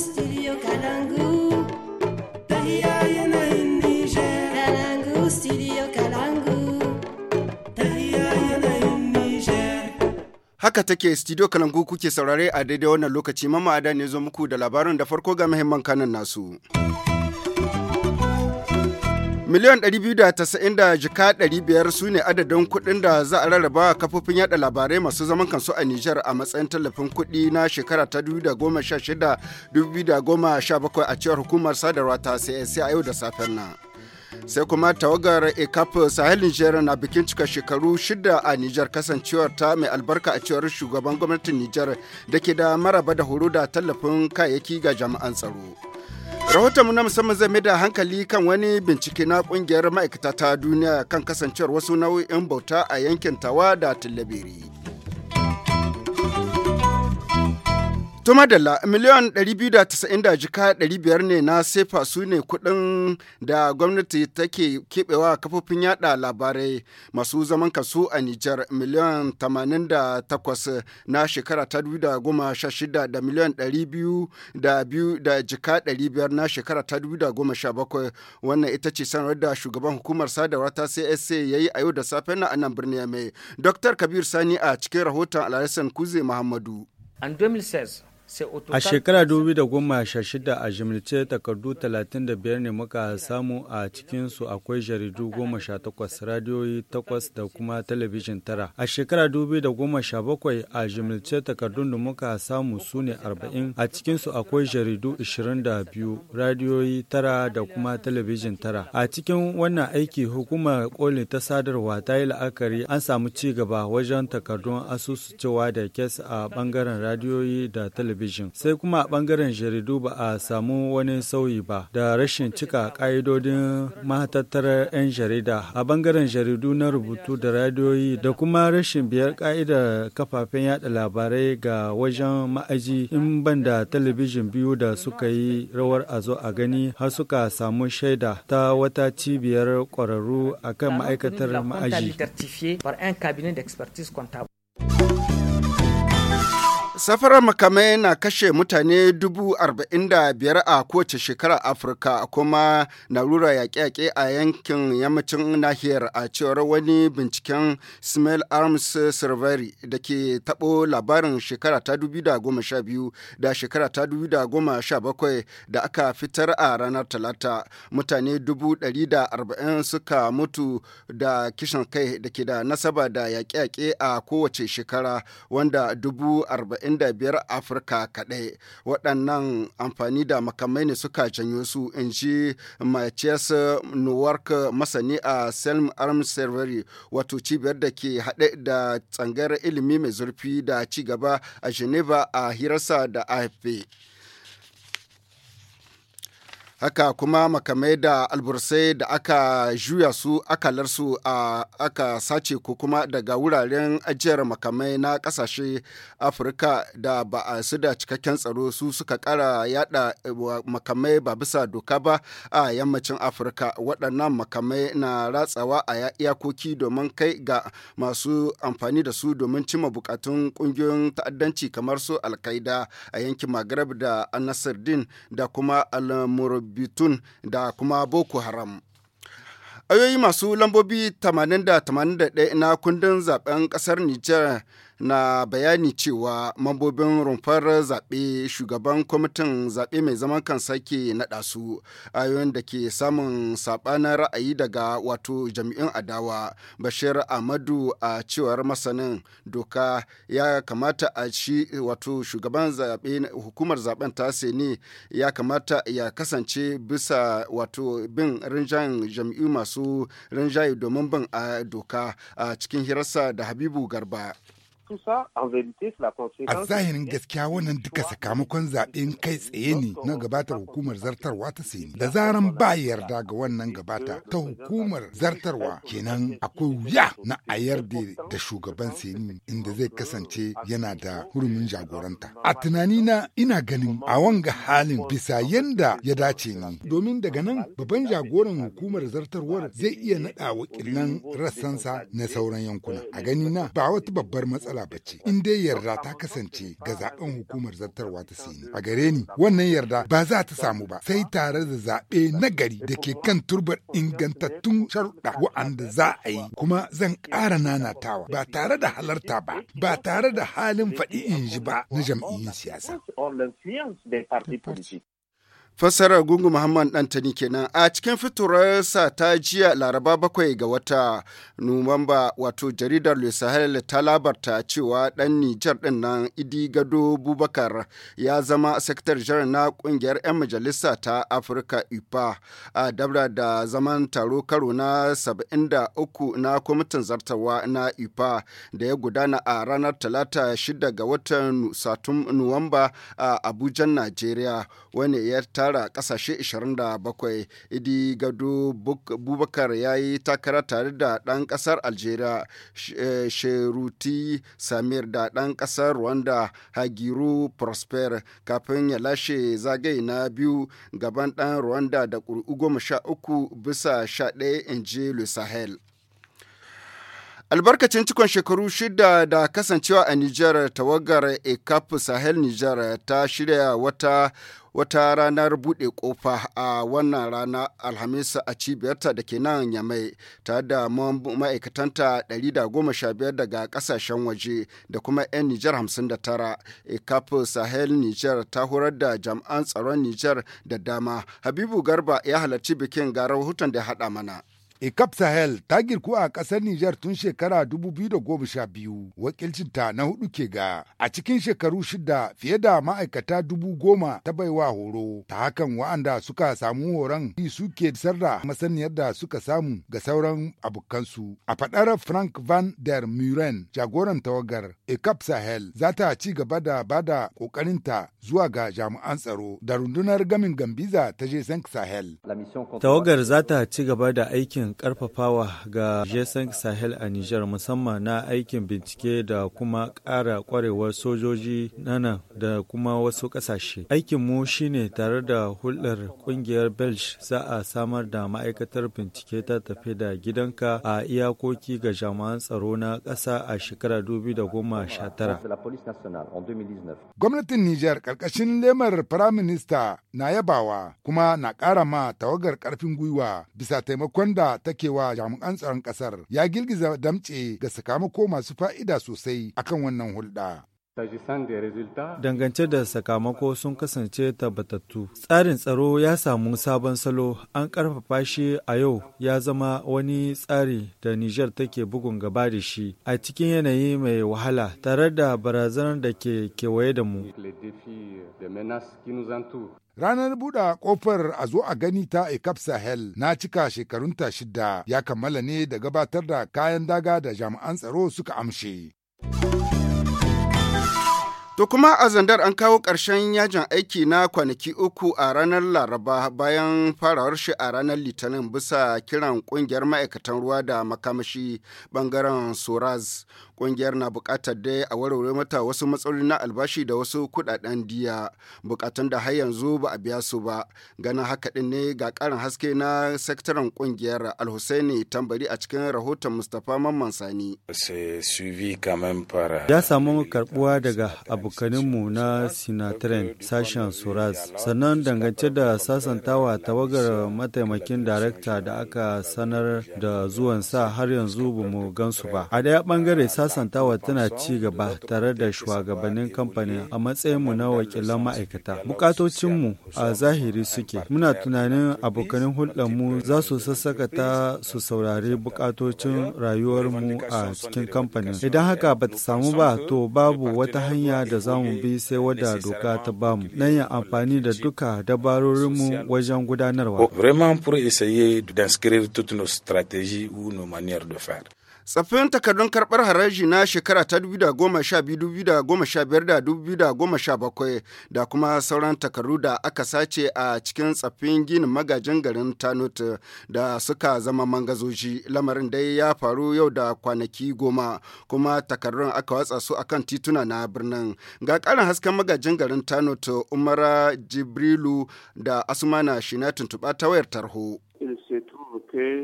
studio Kalangu. Tahiya yanayin Niger. Kalangu studio Kalangu. Tahiya yanayin Niger. Haka take studio Kalangu kuke saurare a daidai wannan lokaci mama'ada ne zo muku da labarin da farko ga muhimman kanan nasu. Miliyan 290 da jika 500 su ne adadin kuɗin da za a rarraba kafofin yada labarai masu zaman kansu a Nijar a matsayin tallafin kuɗi na shekara ta 2016-2017 a cewar hukumar sadarwa ta CSC a yau da safen nan. sai kuma tawagar ecap sahel niger na bikin cika shekaru shida a niger kasancewar ta mai albarka a cewar shugaban gwamnatin niger da ke da maraba da horo da tallafin kayayyaki ga jami'an tsaro. Rahotonmu na musamman zai mai da hankali kan wani bincike na kungiyar ma'aikata ta duniya kan kasancewar wasu nau'in bauta a yankin tawa da tillabiri. To madalla miliyan 290 da jika 500 ne na sefa su ne kuɗin da gwamnati take keɓewa kafofin yada labarai masu zaman kasu a Nijar miliyan 88 na shekara ta 2016 da miliyan 200 da biyu da jika 500 na shekara ta 2017 wannan ita ce sanar da shugaban hukumar sadarwa ta CSA ya yi a yau da safe na anan birni mai. Dr. Kabir Sani a cikin rahoton Alhassan Kuze Muhammadu. And 2016, A shekara 2016 a jimlice takardu 35 ne muka samu a cikinsu akwai jaridu 18, radiyoyi 8 da kuma talabijin 9. A shekara 2017 a jimlice takardun da muka samu su ne 40 a cikinsu akwai jaridu 22, radiyoyi 9 da kuma talabijin 9. A cikin wannan aiki hukumar koli ta sadarwa ta yi la'akari an samu ci gaba wajen takardun asusu cewa da kes a bangaren radiyoyi da talabijin. talabijin sai kuma a bangaren jaridu ba a samu wani sauyi ba da rashin cika ka'idodin mahatattar 'yan jarida a bangaren jaridu na rubutu da radiyoyi da kuma rashin biyar ƙa'idar kafafen yada labarai ga wajen ma'aji in ban da talabijin biyu da suka yi rawar a zo a gani har suka samu shaida ta wata cibiyar ƙwararru akan ma'aikatar ma'aji. Safarar makamai na kashe mutane dubu arba'in da biyar a kowace shekara Afirka kuma na rura yaƙe-yaƙe a yankin yammacin nahiyar a cewar wani binciken Smell Arms Survey da ke taɓo labarin shekara ta dubu da goma sha biyu da shekara ta dubu da goma sha bakwai da aka fitar a ranar Talata. Mutane dubu ɗari da arba'in suka mutu da kishin kai da ke da nasaba da yaƙe-yaƙe a kowace shekara wanda dubu arba'in 45 a Afirka kaɗai. Waɗannan amfani da makamai ne suka janyo su in ji Matthias Newark masani a Selm arm Servery wato cibiyar da ke haɗe da tsangayar ilimi mai zurfi da ci gaba a Geneva a hirarsa da AFP. haka kuma makamai da albursai da aka juya su akalarsu a aka sace ko kuma daga wuraren ajiyar makamai na kasashe afirka da ba a su da cikakken tsaro su suka kara yada eh, makamai ba bisa doka ba a yammacin afirka waɗannan makamai na ratsawa a iyakoki domin kai ga masu amfani da su domin cimma bukatun ƙungiyoyin ta'addanci kamar su alkaida a yankin maghreb da da kuma al bitun da kuma boko haram ayoyi masu lambobi 80 da 81 na kundin zaben kasar niger na bayani cewa mambobin rumfar zaɓe shugaban kwamitin zaɓe mai zaman kansa ke naɗa su a da ke samun saɓanin ra'ayi daga wato jami'in adawa bashir amadu a cewar masanin doka ya kamata a shi wato shugaban zaɓe hukumar zaɓen ta ne ya kamata ya kasance bisa wato bin rinjayen jami'u masu rinjaye domin bin a doka a cikin hirarsa da habibu garba A zahirin gaskiya wannan duka sakamakon zaɓen kai tsaye ne na gabatar hukumar zartarwa ta sini. Da zaran ba yarda ga wannan gabata ta hukumar zartarwa kenan akwai wuya na a yarda da shugaban sini inda zai kasance yana da hurumin jagoranta. A tunani na ina ganin a wanga halin bisa yanda ya dace ni. Domin daga nan babban jagoran hukumar zartarwar zai iya naɗa wakilan rassansa na sauran yankuna. A gani na ba wata babbar matsala ba ce in dai yarda ta kasance ga zaɓen hukumar zartarwa ta sini a gare ni wannan yarda ba za ta samu ba sai tare da zaɓe na gari da ke kan turbar ingantattun sharuɗa wa'anda za a yi kuma zan ƙara nanatawa ba tare da halarta ba ba tare da halin faɗi in ji ba na jam'iyyun siyasa. Fassarar Gungu Muhammad Dantani kenan a cikin fiturarsa ta jiya Laraba bakwai ga wata Nuwamba wato jaridar Le Sahel ta labarta cewa dan Nijar din nan Idi Gado Bubakar ya zama sektar jiran na kungiyar 'yan majalisa ta Afirka IPA a dabra da zaman taro karo na 73 na kwamitin zartawa na IPA da ya gudana a ranar talata 6 ga watan Satum Nuwamba a Abuja, Najeriya wani ya tara kasashe 27 idi gado bubakar ya yi takara tare da ɗan kasar algeria eh, sheruti samir da ɗan ƙasar rwanda hagiru prosper kafin ya lashe zagaye na biyu gaban ɗan rwanda da ƙuri'u goma sha uku bisa sha ɗaya in je le sahel albarkacin cikon shekaru shida da kasancewa a Nijar tawagar ECAP Sahel Nijar ta shirya wata wata ranar buɗe kofa a wannan rana alhamis a cibiyarta da ke nan yamai ta da ma'aikatanta 115 daga kasashen waje da kuma 'yan nijar 59 ecap sahel nijar ta horar da jami'an tsaron nijar da dama habibu garba ya halarci bikin ga rahoton da ya haɗa mana ECAP Sahel ta girku a ƙasar Nijar tun shekara 2012 wakilcinta na hudu ke ga a cikin shekaru shida fiye da ma'aikata dubu goma ta baiwa horo ta hakan wa'anda suka samu horon suke sarra masaniyar da suka samu ga sauran abokansu. A faɗar Frank van der Muren jagoran tawagar ECAP Sahel za ta ci gaba da bada ƙoƙarinta zuwa ga jami'an tsaro da rundunar gamin Gambiza ta je Sahel. Tawagar za ta ci gaba da aikin karfafawa ga jason sahel a niger musamman na aikin bincike da kuma kara kwarewar sojoji nana da kuma wasu kasashe aikin mu shine tare da hulɗar kungiyar belch za a samar da ma'aikatar bincike ta tafi da gidanka a iyakoki ga jami'an tsaro na ƙasa a shekarar 2019 gwamnatin niger ƙarƙashin lemar firaminista na yabawa kuma na ƙara ma tawagar ƙarfin gwiwa bisa taimakon da take wa jami'an tsaron kasar ya girgiza damtse ga sakamako masu fa'ida sosai akan wannan hulɗa. Dangance da sakamako sun kasance tabbatattu. Tsarin tsaro ya samu sabon salo, an karfafa shi a yau ya zama wani tsari da Nijar take bugun gaba da shi a cikin yanayi mai wahala tare da barazanar da ke kewaye da mu. Ranar buɗa ƙofar a zo a gani ta Ekap Sahel na cika shekarunta shida ya kammala ne da gabatar da kayan daga da jami'an tsaro suka amshe. To kuma a zandar an kawo ƙarshen yajin aiki na kwanaki uku a ranar Laraba bayan farawar shi a ranar Litinin bisa kiran ƙungiyar ma'aikatan ruwa da makamashi bangaren Soraz. Ƙungiyar na bukatar dai a warware mata wasu matsaloli na albashi da wasu kuɗaɗen diya bukatun da har yanzu ba a biya su ba. Ganin haka ɗin ne ga karin haske na sektaran ƙungiyar Alhussaini Tambari a cikin rahoton Mustapha Mamman Sani. Euh, ya samu karbuwa daga abokaninmu na Sinatren sashen Suraz sannan dangance da sasantawa tawagar mataimakin darakta da aka sanar da zuwan sa har yanzu ba mu gansu ba. A daya bangare sasantawa tana ci gaba tare da shugabannin kamfanin a matsayinmu na wakilan ma'aikata. Bukatocinmu a zahiri suke. Muna tunanin abokanin hulɗarmu za su sassaka su saurari bukatocin rayuwarmu a cikin kamfanin. Idan haka ba ta samu ba to babu wata hanya da zamu bi sai wadda doka ta bamu. Nan yin amfani da duka dabarorinmu wajen gudanarwa. Vraiment pour essayer d'inscrire toutes nos stratégies ou nos manières de faire. tsaffin takardun karbar haraji na shekara ta 2012-2015 da kuma sauran takardu da aka sace a cikin tsaffin ginin magajin garin tanut da suka zama mangazoji lamarin dai ya faru yau da kwanaki goma kuma takardun aka watsa su akan tituna na birnin ga karin hasken magajin garin tanut umara jibrilu da asumana shi na tuntuɓa ta wayar tarho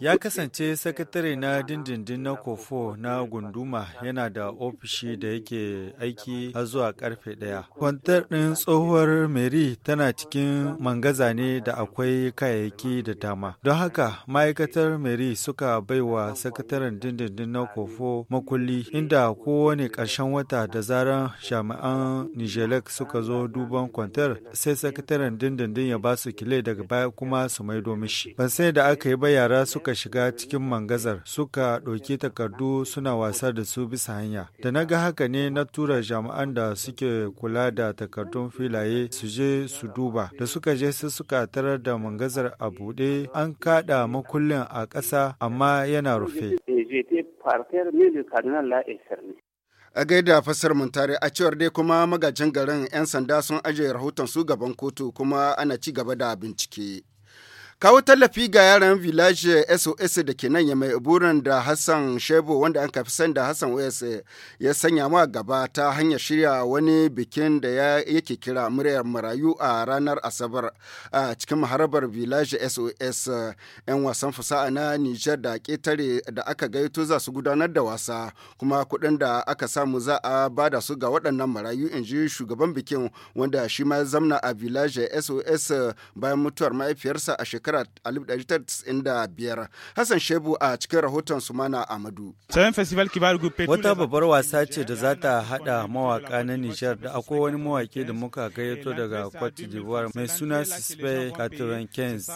Ya kasance sakatare na dindindin na kofo na gunduma yana da ofishi da yake aiki a zuwa karfe ɗaya. Kwantar ɗin tsohuwar Mary tana cikin mangaza ne da akwai kayayyaki da dama. Don haka ma'aikatar Mary suka baiwa sakataren dindindin na kofo makulli inda kowane ƙarshen wata da zaran jami'an Nijelek suka zo duban kwantar sai sakataren dindindin ya ba su kile daga baya kuma su maido mishi. Ban sai da aka aka yi yara suka shiga cikin mangazar suka ɗauki takardu suna wasa da su bisa hanya. Da na ga haka ne na tura jami'an da suke kula da takardun filaye su je su duba. Da suka je sai suka tarar da mangazar a buɗe an kaɗa makullin a ƙasa amma yana rufe. a gaida fasar muntare a cewar dai kuma magajin garin 'yan sanda sun ajiye rahoton su gaban kotu kuma ana ci gaba da bincike. Kawo tallafi ga yaran Village SOS da ke nan ya mai burin da Hassan Shebo wanda an kafi san da Hassan OS ya sanya ma gaba ta hanyar shirya wani bikin da yake kira muryar marayu a ranar Asabar a cikin maharabar Village SOS 'yan wasan fasaha na Nijar da ketare da aka gaito za su gudanar da wasa kuma kuɗin da aka samu za a bada su ga waɗannan marayu in ji shugaban bikin wanda shi ma zamna a Village SOS bayan mutuwar mahaifiyarsa a shekara shekarar 1995 hassan shebu a cikin rahoton sumana amadu wata babbar wasa ce da za ta haɗa mawaka na nijar da akwai wani mawaki da muka gayyato daga cote d'ivoire mai suna sispe catherine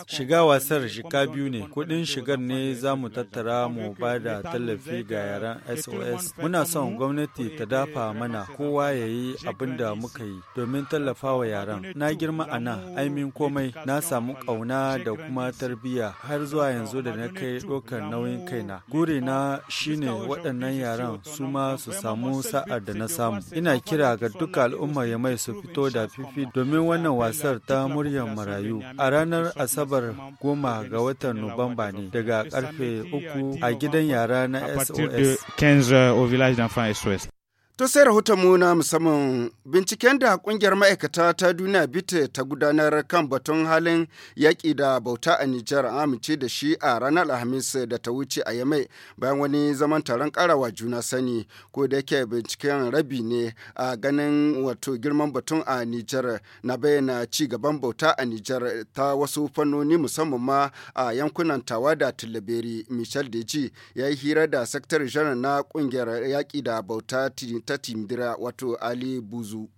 shiga wasar shiga biyu ne kuɗin shigar ne za mu tattara mu ba da tallafi ga yaran sos muna son gwamnati ta dafa mana kowa ya yi abin da muka yi domin tallafa wa yaran na girma a nan aimin komai na samu kauna da kuma tarbiyya har zuwa yanzu da na kai ɗaukar nauyin kaina guri na shine waɗannan yaran su ma su samu sa'ar da na samu ina kira ga duka al'umma ya mai su fito da fifi domin wannan wasar ta muryar marayu a ranar asabar goma ga watan nuwamba ne daga karfe uku a gidan yara na sos To sai mu na musamman binciken da kungiyar ma'aikata ta duniya bita ta gudanar kan batun halin yaƙi da bauta a Nijar amince da shi a ranar Alhamis da ta wuce a Yamai bayan wani zaman taron karawa juna sani ko da yake binciken rabi ne a ganin wato girman batun a Nijar na bayyana ci gaban bauta a Nijar ta wasu fannoni musamman ma a yankunan Tawa da Tilaberi Michel Deji ya yi hira da Sakatare Janar na kungiyar yaƙi da bauta ta timdira wato ali buzu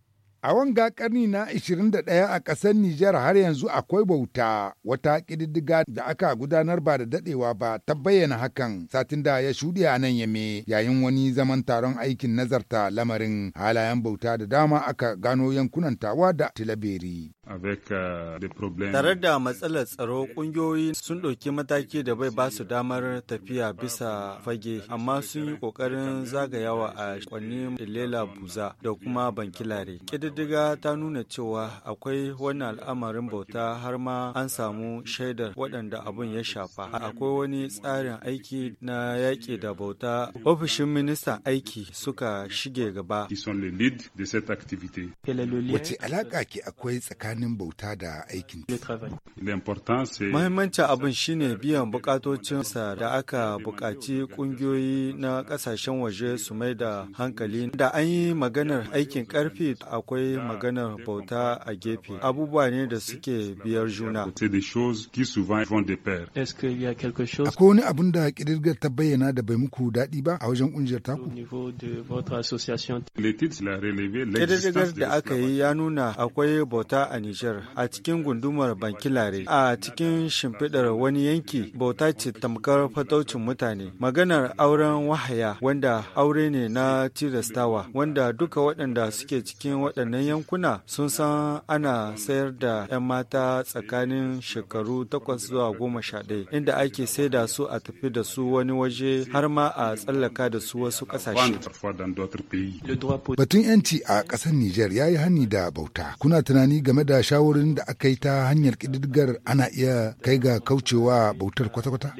A wanga karni na 21 a ƙasar Nijar har yanzu akwai bauta wata ƙididdiga da aka gudanar ba da daɗewa ba ta bayyana hakan satin da ya shuɗe a nan yame yayin wani zaman taron aikin nazarta lamarin halayen bauta da dama aka gano yankunan tawa da tilaberi. Euh, Tare da matsalar tsaro kungiyoyi sun ɗauki mataki da bai ba su damar tafiya bisa fage, amma sun yi ƙoƙarin zagayawa a kwanni Ilela Buza da kuma Bankilare. Ƙididdiga ta nuna cewa akwai wani al'amarin bauta har ma an samu shaidar waɗanda abun ya shafa. Akwai wani tsarin aiki na yaƙi da bauta. Ofishin ministan aiki suka shige gaba. Wace alaƙa ke akwai tsakanin tsakanin bauta da aikin. Mahimmancin abin shine biyan sa da aka bukaci kungiyoyi na kasashen waje su mai da hankali. Da an yi maganar aikin karfi akwai maganar bauta a gefe. Abubuwa ne da suke biyar juna. Akwai wani abin da kirgar ta bayyana da bai muku daɗi ba a wajen ƙungiyar taku? Kirgar da aka yi ya nuna akwai bauta a Nijar a cikin gundumar Bankilare a cikin shimfiɗar wani yanki bauta ce tamkar fataucin mutane. Maganar auren wahaya wanda aure ne na tilastawa wanda duka waɗanda suke cikin waɗannan yankuna sun san ana sayar da 'yan mata tsakanin shekaru 8 zuwa goma 11 inda ake saida su a tafi da su wani waje har ma a tsallaka da su wasu ƙasashe. Batun 'yanci a ƙasar Nijar ya yi hani da bauta. Kuna tunani game da da shawarin da aka yi ta hanyar ƙididdigar ana iya kai ga kaucewa bautar kwata-kwata?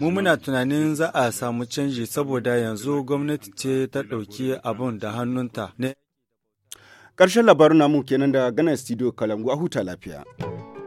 Mu muna tunanin za a samu canji saboda yanzu gwamnati ce ta ɗauki abun da hannunta. Ƙarshen labarin namu kenan da gana Studio Kalangu a huta lafiya.